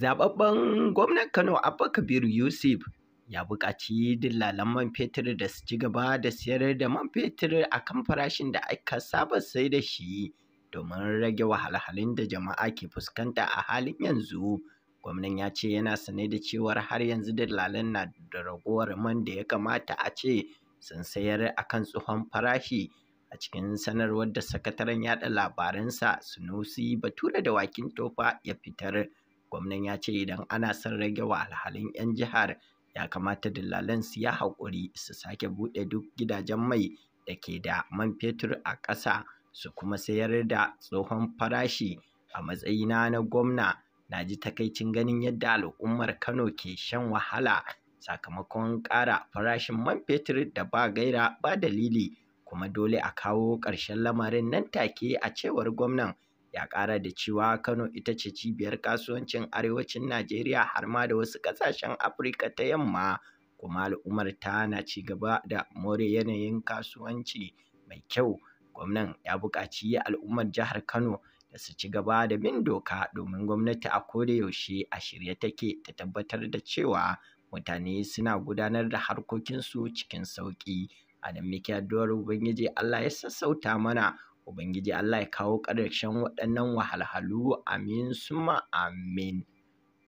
Zaɓaɓɓen gwamnan Kano Abba Kabir Yusuf ya buƙaci dillalan man fetur da su ci gaba da siyar da man fetur a kan farashin da aka saba sai da shi domin rage wahalhalun da jama'a ke fuskanta a halin yanzu. Gwamnan ya ce yana sane da cewar har yanzu dillalan na da ragowar man da ya kamata a ce sun sayar a kan tsohon farashi a cikin sanarwar da sakataren yaɗa labaransa Sunusi Bature da Wakin Tofa ya fitar. gwamnan ya ce idan ana son rage wa alhalin 'yan jihar ya kamata dillalan su ya haƙuri su sake buɗe duk gidajen mai da ke da man fetur a ƙasa su kuma sayar da tsohon farashi a matsayina na gwamna na ji takaicin ganin yadda al'ummar kano ke shan wahala sakamakon ƙara farashin man fetur da ba gaira ba dalili kuma dole a kawo ƙarshen lamarin nan take a cewar gwamnan ya ƙara da cewa Kano ita ce cibiyar kasuwancin arewacin Najeriya har ma da wasu ƙasashen Afirka ta yamma kuma al'ummar ta na ci gaba da more yanayin kasuwanci mai kyau. Gwamnan ya buƙaci al'ummar jihar Kano da su ci gaba da bin doka domin gwamnati a koda yaushe a shirye take ta tabbatar da cewa mutane suna gudanar da harkokinsu cikin sauƙi. Adam Mikiyar addu'ar Ubangiji Allah ya sassauta mana ubangiji Allah ya kawo ƙarshen waɗannan wahalhalu amin suma amin